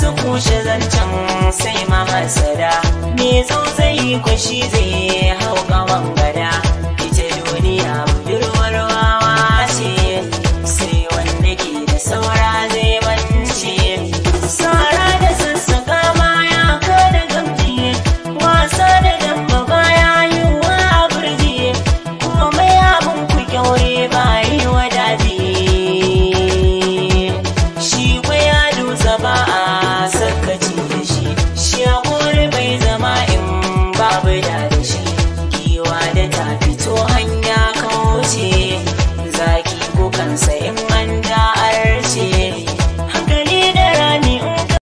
su kushe zancen sai ma masada me zo zai kwashi zai hau kawan gada ita duniya budurwar wawa ce sai wanda ke da saurari so I